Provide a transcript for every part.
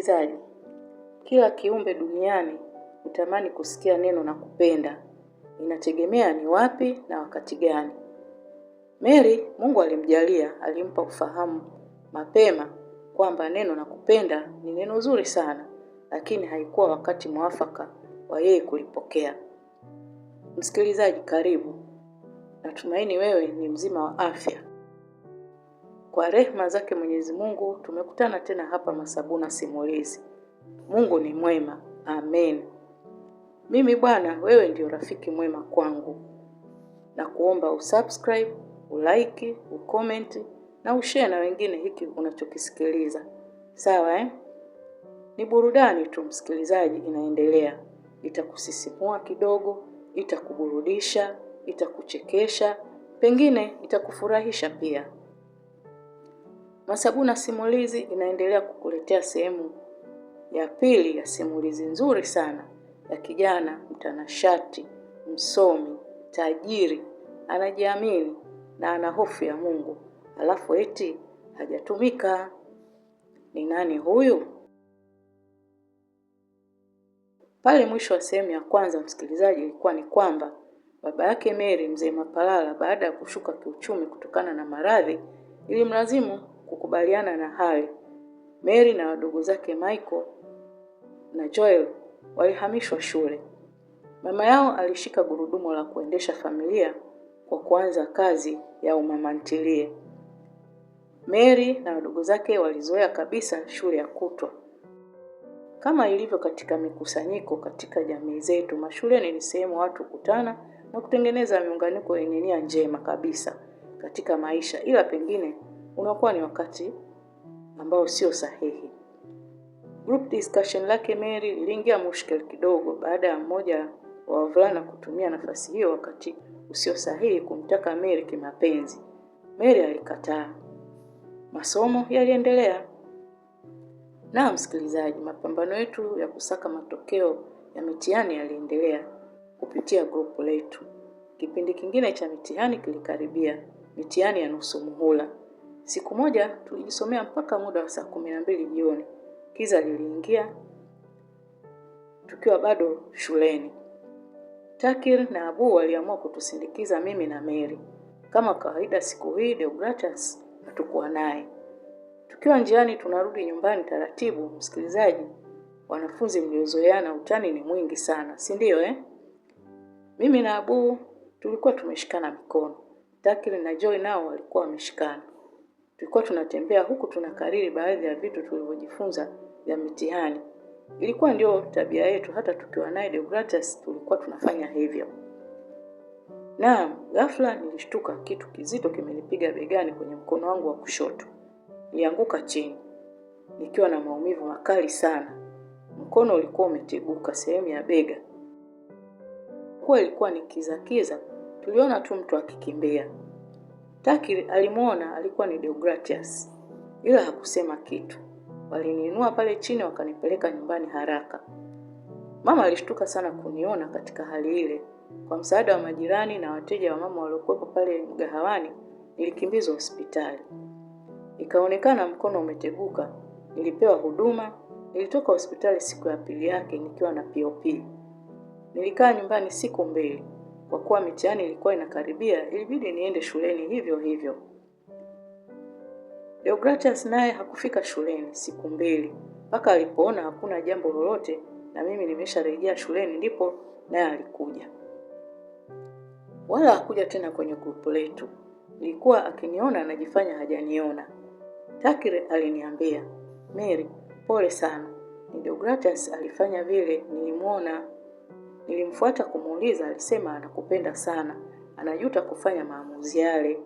Msikilizaji, kila kiumbe duniani hutamani kusikia neno na kupenda, inategemea ni wapi na wakati gani. Mary, Mungu alimjalia, alimpa ufahamu mapema kwamba neno na kupenda ni neno zuri sana, lakini haikuwa wakati mwafaka wa yeye kulipokea. Msikilizaji, karibu. Natumaini wewe ni mzima wa afya. Kwa rehema zake Mwenyezi Mungu tumekutana tena hapa Masabuna Simulizi. Mungu ni mwema, amen. Mimi bwana, wewe ndio rafiki mwema kwangu, na kuomba usubscribe, ulike, ucomment na ushare na wengine hiki unachokisikiliza, sawa eh? Ni burudani tu msikilizaji, inaendelea, itakusisimua kidogo, itakuburudisha, itakuchekesha, pengine itakufurahisha pia. Masabuna Simulizi inaendelea kukuletea sehemu ya pili ya simulizi nzuri sana ya kijana mtanashati, msomi, tajiri, anajiamini na ana hofu ya Mungu, alafu eti hajatumika. Ni nani huyu? Pale mwisho wa sehemu ya kwanza, msikilizaji, ilikuwa ni kwamba baba yake Mary, mzee Mapalala, baada ya kushuka kiuchumi kutokana na maradhi, ilimlazimu kukubaliana na hali. Mary na wadogo zake Michael na Joel walihamishwa shule. Mama yao alishika gurudumu la kuendesha familia kwa kuanza kazi ya umamantilie Mary na wadogo zake walizoea kabisa shule ya kutwa. Kama ilivyo katika mikusanyiko katika jamii zetu, mashuleni ni sehemu watu kutana na kutengeneza miunganiko yenye nia njema kabisa katika maisha, ila pengine unakuwa ni wakati ambao sio sahihi. Group discussion lake Mary liliingia mushkeli kidogo baada ya mmoja wa wavulana kutumia nafasi hiyo wakati usio sahihi kumtaka Mary kimapenzi. Mary alikataa. Masomo yaliendelea. Na msikilizaji, mapambano yetu ya kusaka matokeo ya mitihani yaliendelea kupitia grupu letu. Kipindi kingine cha mitihani kilikaribia, mitihani ya nusu muhula. Siku moja tulijisomea mpaka muda wa saa kumi na mbili jioni. Kiza liliingia tukiwa bado shuleni. Takir na Abu waliamua kutusindikiza mimi na Mary. Kama kawaida, siku hii Deogratus hatukuwa naye. Tukiwa njiani tunarudi nyumbani taratibu, msikilizaji, wanafunzi mliozoeana utani ni mwingi sana, si ndio eh? Mimi na Abu tulikuwa tumeshikana mikono. Takir na Joy nao walikuwa wameshikana tulikuwa tunatembea huku tunakariri baadhi ya vitu tulivyojifunza vya mitihani. Ilikuwa ndio tabia yetu, hata tukiwa naye Deogratias tulikuwa tunafanya hivyo. Na ghafla nilishtuka, kitu kizito kimenipiga begani kwenye mkono wangu wa kushoto. Nilianguka chini nikiwa na maumivu makali sana. Mkono ulikuwa umeteguka sehemu ya bega, kuwa ilikuwa ni kizakiza. Tuliona tu mtu akikimbia. Taki alimwona alikuwa ni Deogratias, ila hakusema kitu. Waliniinua pale chini wakanipeleka nyumbani haraka. Mama alishtuka sana kuniona katika hali ile. Kwa msaada wa majirani na wateja wa mama waliokuwepo pale mgahawani, nilikimbizwa hospitali. Ikaonekana mkono umeteguka, nilipewa huduma. Nilitoka hospitali siku ya pili yake nikiwa na POP. Nilikaa nyumbani siku mbili. Kwa kuwa mitihani ilikuwa inakaribia, ilibidi niende shuleni hivyo hivyo. Deogratias naye hakufika shuleni siku mbili, mpaka alipoona hakuna jambo lolote na mimi nimesharejea shuleni, ndipo naye alikuja. Wala hakuja tena kwenye grupu letu, ilikuwa akiniona anajifanya hajaniona. Takire aliniambia, Mary, pole sana, ni Deogratias alifanya vile, nilimwona Nilimfuata kumuuliza, alisema anakupenda sana, anajuta kufanya maamuzi yale.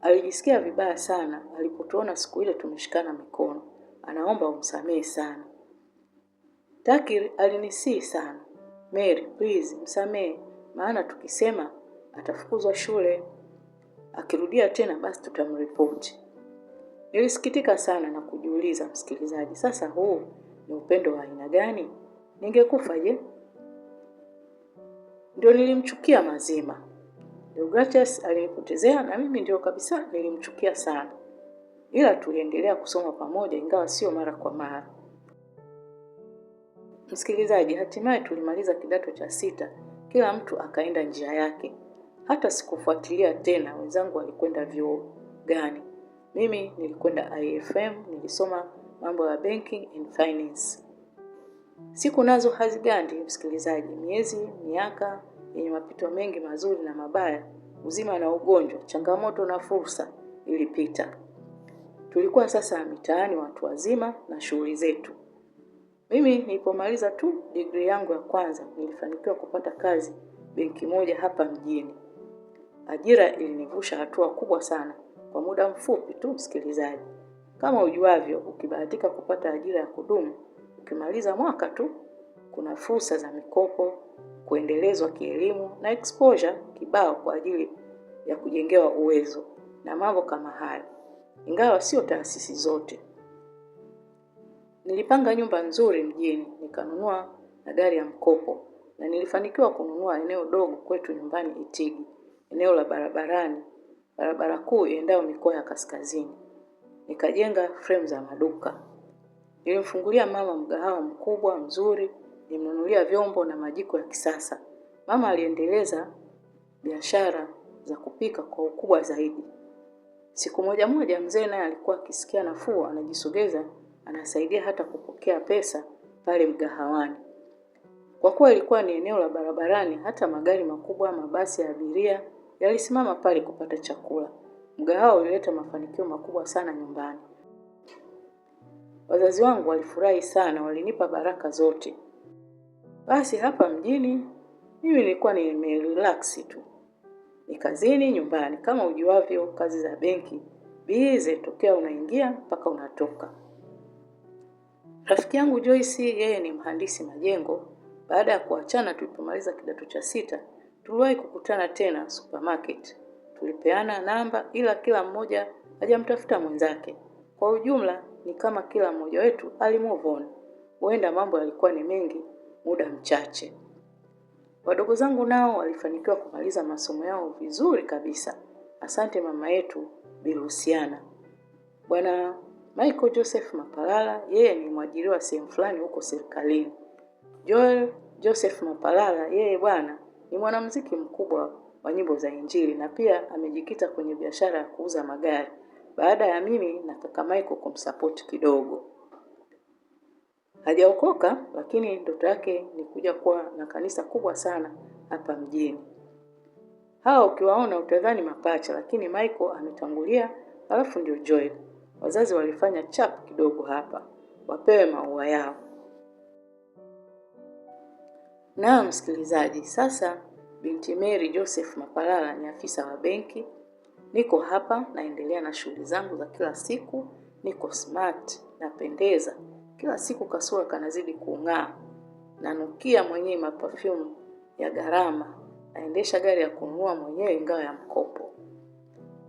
Alijisikia vibaya sana alipotuona siku ile tumeshikana mikono, anaomba umsamehe sana. Takir alinisii sana, Mary please, msamehe, maana tukisema atafukuzwa shule, akirudia tena basi tutamripoti. Nilisikitika sana na kujiuliza, msikilizaji, sasa huu ni upendo wa aina gani? Ningekufa je? ndio nilimchukia mazima. Deogratias alinipotezea na mimi ndio kabisa nilimchukia sana, ila tuliendelea kusoma pamoja, ingawa sio mara kwa mara. Msikilizaji, hatimaye tulimaliza kidato cha sita, kila mtu akaenda njia yake. Hata sikufuatilia tena wenzangu walikwenda vyuo gani. Mimi nilikwenda IFM, nilisoma mambo ya banking and finance. Siku nazo hazigandi, msikilizaji, miezi, miaka yenye mapito mengi mazuri na mabaya, uzima na ugonjwa, changamoto na fursa ilipita. Tulikuwa sasa mitaani watu wazima na shughuli zetu. Mimi nilipomaliza tu digrii yangu ya kwanza, nilifanikiwa kupata kazi benki moja hapa mjini. Ajira ilinivusha hatua kubwa sana kwa muda mfupi tu, msikilizaji. Kama ujuavyo, ukibahatika kupata ajira ya kudumu Ukimaliza mwaka tu kuna fursa za mikopo, kuendelezwa kielimu na exposure kibao kwa ajili ya kujengewa uwezo na mambo kama hayo, ingawa sio taasisi zote. Nilipanga nyumba nzuri mjini, nikanunua na gari ya mkopo, na nilifanikiwa kununua eneo dogo kwetu nyumbani Itigi, eneo la barabarani, barabara kuu iendayo mikoa ya kaskazini. Nikajenga frame za maduka Nilimfungulia mama mgahawa mkubwa mzuri, nilimnunulia vyombo na majiko ya kisasa. Mama aliendeleza biashara za kupika kwa ukubwa zaidi. Siku moja moja, mzee naye alikuwa akisikia nafuu, anajisogeza anasaidia hata kupokea pesa pale mgahawani. Kwa kuwa ilikuwa ni eneo la barabarani, hata magari makubwa, mabasi ya abiria yalisimama pale kupata chakula. Mgahawa ulileta mafanikio makubwa sana nyumbani. Wazazi wangu walifurahi sana, walinipa baraka zote. Basi hapa mjini mimi nilikuwa nimerelax tu, ni kazini, nyumbani. Kama ujuavyo, kazi za benki bize, tokea unaingia mpaka unatoka. Rafiki yangu Joyce, yeye ni mhandisi majengo. Baada ya kuachana, tulipomaliza kidato cha sita, tuliwahi kukutana tena supermarket. Tulipeana namba, ila kila mmoja hajamtafuta mwenzake. Kwa ujumla ni kama kila mmoja wetu alimove on. Huenda mambo yalikuwa ni mengi muda mchache. Wadogo zangu nao walifanikiwa kumaliza masomo yao vizuri kabisa, asante mama yetu Bilusiana. Bwana Michael Joseph Mapalala, yeye ni mwajiriwa sehemu fulani huko serikalini. Joel Joseph Mapalala, yeye bwana ni mwanamuziki mkubwa wa nyimbo za Injili na pia amejikita kwenye biashara ya kuuza magari baada ya mimi na kaka Michael kumsapoti kidogo. Hajaokoka, lakini ndoto yake ni kuja kuwa na kanisa kubwa sana hapa mjini. Hawa ukiwaona utadhani mapacha, lakini Michael ametangulia, alafu ndio Joel. Wazazi walifanya chap kidogo hapa, wapewe maua yao. Naam msikilizaji, sasa binti Mary Joseph Mapalala ni afisa wa benki niko hapa, naendelea na shughuli zangu za kila siku, niko smart, napendeza kila siku, kasura kanazidi kung'aa, nanukia mwenyewe mapafyumu ya gharama, naendesha gari ya kununua mwenyewe, ingawa ya mkopo.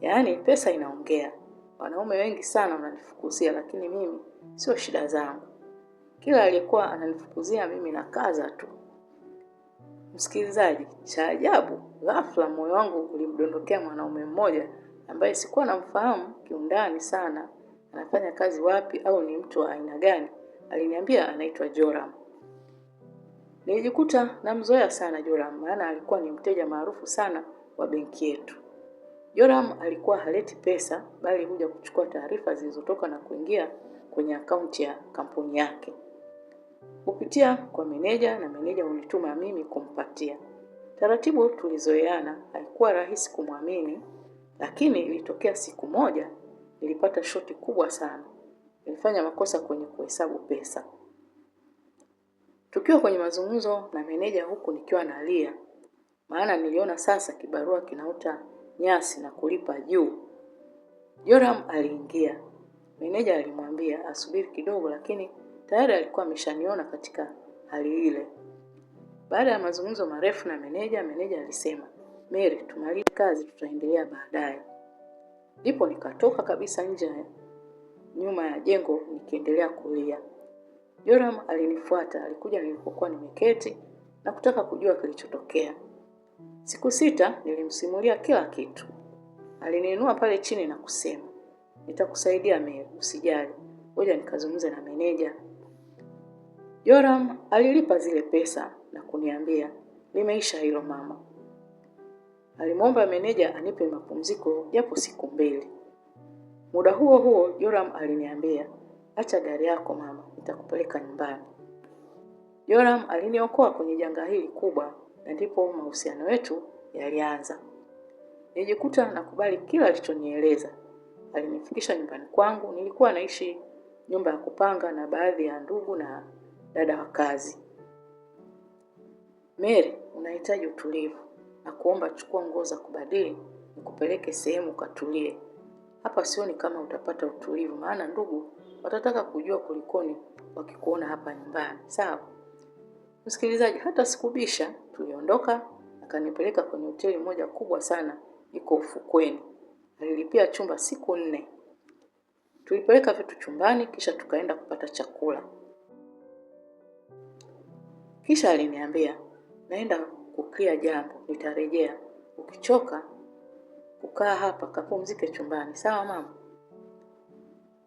Yaani pesa inaongea. Wanaume wengi sana wananifukuzia, lakini mimi sio shida zangu. Kila aliyekuwa ananifukuzia mimi nakaza tu. Msikilizaji, cha ajabu, ghafla moyo wangu ulimdondokea mwanaume mmoja ambaye sikuwa namfahamu kiundani sana, anafanya kazi wapi au ni mtu wa aina gani. Aliniambia anaitwa Joram. Nilijikuta namzoea sana Joram, maana alikuwa ni mteja maarufu sana wa benki yetu. Joram alikuwa haleti pesa, bali huja kuchukua taarifa zilizotoka na kuingia kwenye akaunti ya kampuni yake kupitia kwa meneja, na meneja ulituma mimi kumpatia. Taratibu tulizoeana, haikuwa rahisi kumwamini, lakini ilitokea siku moja nilipata shoti kubwa sana. Nilifanya makosa kwenye kuhesabu pesa. Tukiwa kwenye mazungumzo na meneja, huku nikiwa nalia, maana niliona sasa kibarua kinaota nyasi na kulipa juu. Joram aliingia. Meneja alimwambia asubiri kidogo, lakini Tayari alikuwa ameshaniona katika hali ile. Baada ya mazungumzo marefu na meneja, meneja alisema, Mary, tumalize kazi, tutaendelea baadaye. Ndipo nikatoka kabisa nje nyuma ya jengo nikiendelea kulia. Joram alinifuata, alikuja nilipokuwa nimeketi na kutaka kujua kilichotokea. Siku sita nilimsimulia kila kitu. Aliniinua pale chini na kusema, nitakusaidia Mary, usijali, ngoja nikazungumze na meneja Joram alilipa zile pesa na kuniambia limeisha hilo mama. Alimwomba meneja anipe mapumziko japo siku mbili. Muda huo huo Joram aliniambia, acha gari yako mama, nitakupeleka nyumbani. Joram aliniokoa kwenye janga hili kubwa, na ndipo mahusiano yetu yalianza. Nilijikuta nakubali kila alichonieleza. Alinifikisha nyumbani kwangu, nilikuwa naishi nyumba ya kupanga na baadhi ya ndugu na dada wa kazi. Mary, unahitaji utulivu na kuomba, chukua nguo za kubadili nikupeleke sehemu ukatulie. Hapa sioni kama utapata utulivu, maana ndugu watataka kujua kulikoni wakikuona hapa nyumbani. Sawa msikilizaji, hata sikubisha, tuliondoka akanipeleka kwenye hoteli moja kubwa sana iko ufukweni. Alilipia chumba siku nne. Tulipeleka vitu chumbani, kisha tukaenda kupata chakula. Kisha aliniambia naenda kukia jambo, nitarejea. Ukichoka kukaa hapa, kapumzike chumbani, sawa mama?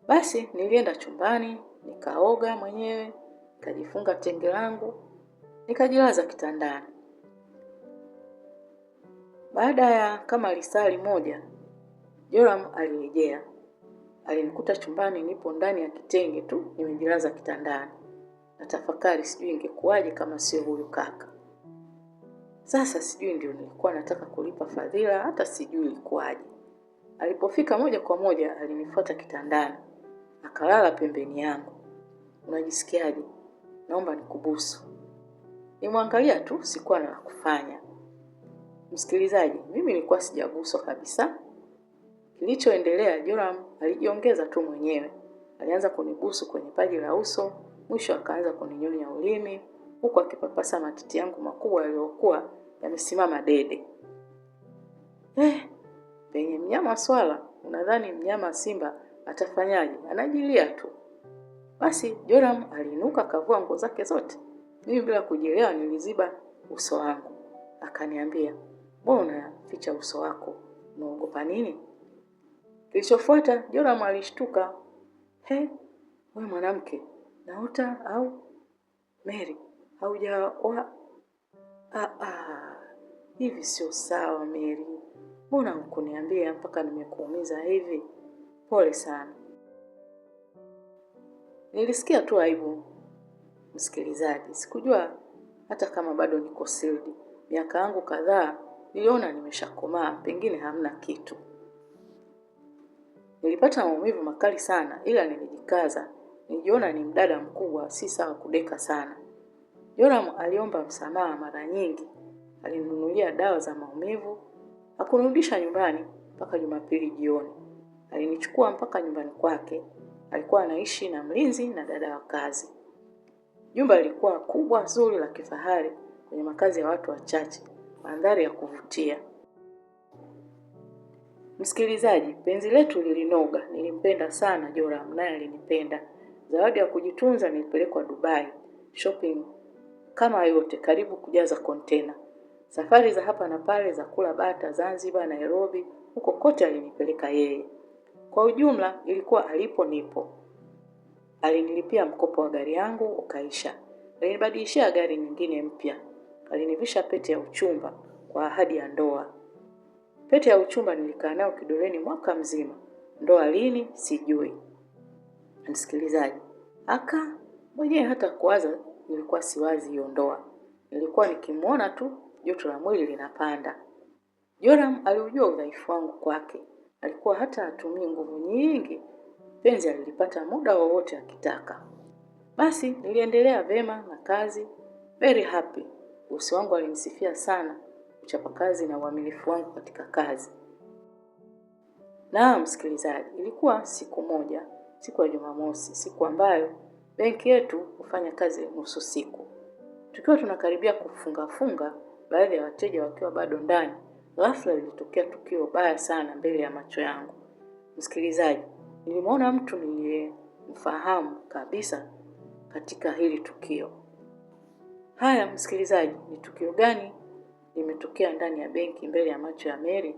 Basi nilienda chumbani, nikaoga mwenyewe, nikajifunga tenge langu, nikajilaza kitandani. Baada ya kama lisali moja, Joram alirejea. Alinikuta chumbani nipo ndani ya kitenge tu, nimejilaza kitandani na tafakari, sijui ingekuwaje kama sio huyu kaka. Sasa sijui ndio nilikuwa nataka kulipa fadhila, hata sijui ilikuwaje. Alipofika moja kwa moja alinifuata kitandani, akalala pembeni yangu. Unajisikiaje? Naomba nikubusu. Nimwangalia tu, sikuwa na kufanya. Msikilizaji, mimi nilikuwa sijaguswa kabisa. Kilichoendelea, Joram alijiongeza tu mwenyewe, alianza kunibusu kwenye paji la uso, Mwisho akaanza kuninyonya ulimi huku akipapasa matiti yangu makubwa yaliyokuwa yamesimama dede. Eh, penye mnyama swala, unadhani mnyama simba atafanyaje? Anajilia tu. Basi Joram aliinuka akavua nguo zake zote, mimi bila kujielewa niliziba uso wangu. Akaniambia, mbona unaficha uso wako, unaogopa nini? Kilichofuata Joram alishtuka, he, we mwanamke Nauta au Mary haujaoa? Hivi sio sawa Mary, mbona hukuniambia mpaka nimekuumiza hivi? Pole sana. Nilisikia tu aibu, msikilizaji, sikujua hata kama bado niko sildi. Miaka yangu kadhaa niliona nimeshakomaa, pengine hamna kitu. Nilipata maumivu makali sana, ila nilijikaza ni Jona ni mdada mkubwa, si sawa kudeka sana. Joram aliomba msamaha mara nyingi, alinunulia dawa za maumivu, akunirudisha nyumbani mpaka Jumapili jioni. Alinichukua mpaka nyumbani kwake, alikuwa anaishi na mlinzi na dada wa kazi. Jumba lilikuwa kubwa zuri la kifahari, kwenye makazi ya watu wachache, mandhari ya kuvutia. Msikilizaji, penzi letu lilinoga. Nilimpenda sana Joram, naye alinipenda. Zawadi ya kujitunza nilipelekwa Dubai shopping kama yote, karibu kujaza kontena. Safari za hapa na pale za kula bata Zanzibar, Nairobi, huko kote alinipeleka yeye. Kwa ujumla ilikuwa alipo nipo. Alinilipia mkopo wa gari yangu ukaisha, alinibadilishia gari nyingine mpya, alinivisha pete ya uchumba kwa ahadi ya ndoa. Pete ya uchumba nilikaa nayo kidoleni mwaka mzima, ndoa lini sijui msikilizaji, aka mwenyewe hata kuwaza nilikuwa siwazi hiyo ndoa, nilikuwa nikimwona tu joto la mwili linapanda. Joram aliujua udhaifu wangu kwake, alikuwa hata atumii nguvu nyingi, penzi alilipata muda wowote akitaka. Basi niliendelea vema na kazi, very happy. Bosi wangu alinisifia sana uchapakazi na uaminifu wangu katika kazi. Na msikilizaji, ilikuwa siku moja siku ya Jumamosi, siku ambayo benki yetu hufanya kazi nusu siku. Tukiwa tunakaribia kufungafunga, baadhi ya wateja wakiwa bado ndani, ghafla lilitokea tukio baya sana mbele ya macho yangu. Msikilizaji, nilimwona mtu niliyemfahamu kabisa katika hili tukio. Haya msikilizaji, ni tukio gani limetokea ndani ya benki mbele ya macho ya Mary?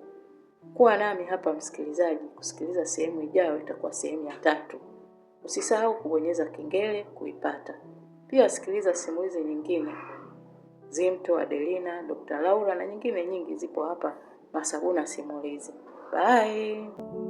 Kuwa nami hapa msikilizaji, kusikiliza sehemu ijayo, itakuwa sehemu ya tatu. Usisahau kubonyeza kengele kuipata. Pia sikiliza simulizi hizi nyingine, Zimto, Adelina, Dr. Laura na nyingine nyingi zipo hapa Masabuna Simulizi. Bye.